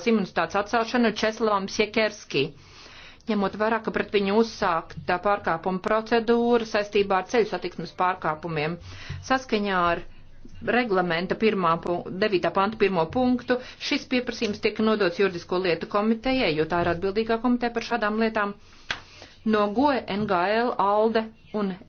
imunitātes atcelšanu Česlavam Siekerski. Ņemot vērā, ka pret viņu uzsākta pārkāpuma procedūra saistībā ar ceļu satiksmes pārkāpumiem, saskaņā ar reglamenta 1, 9. panta 1. punktu, šis pieprasījums tiek nodots juridisko lietu komitejai, jo tā ir atbildīgā komiteja par šādām lietām, no GOE, NGL, ALDE un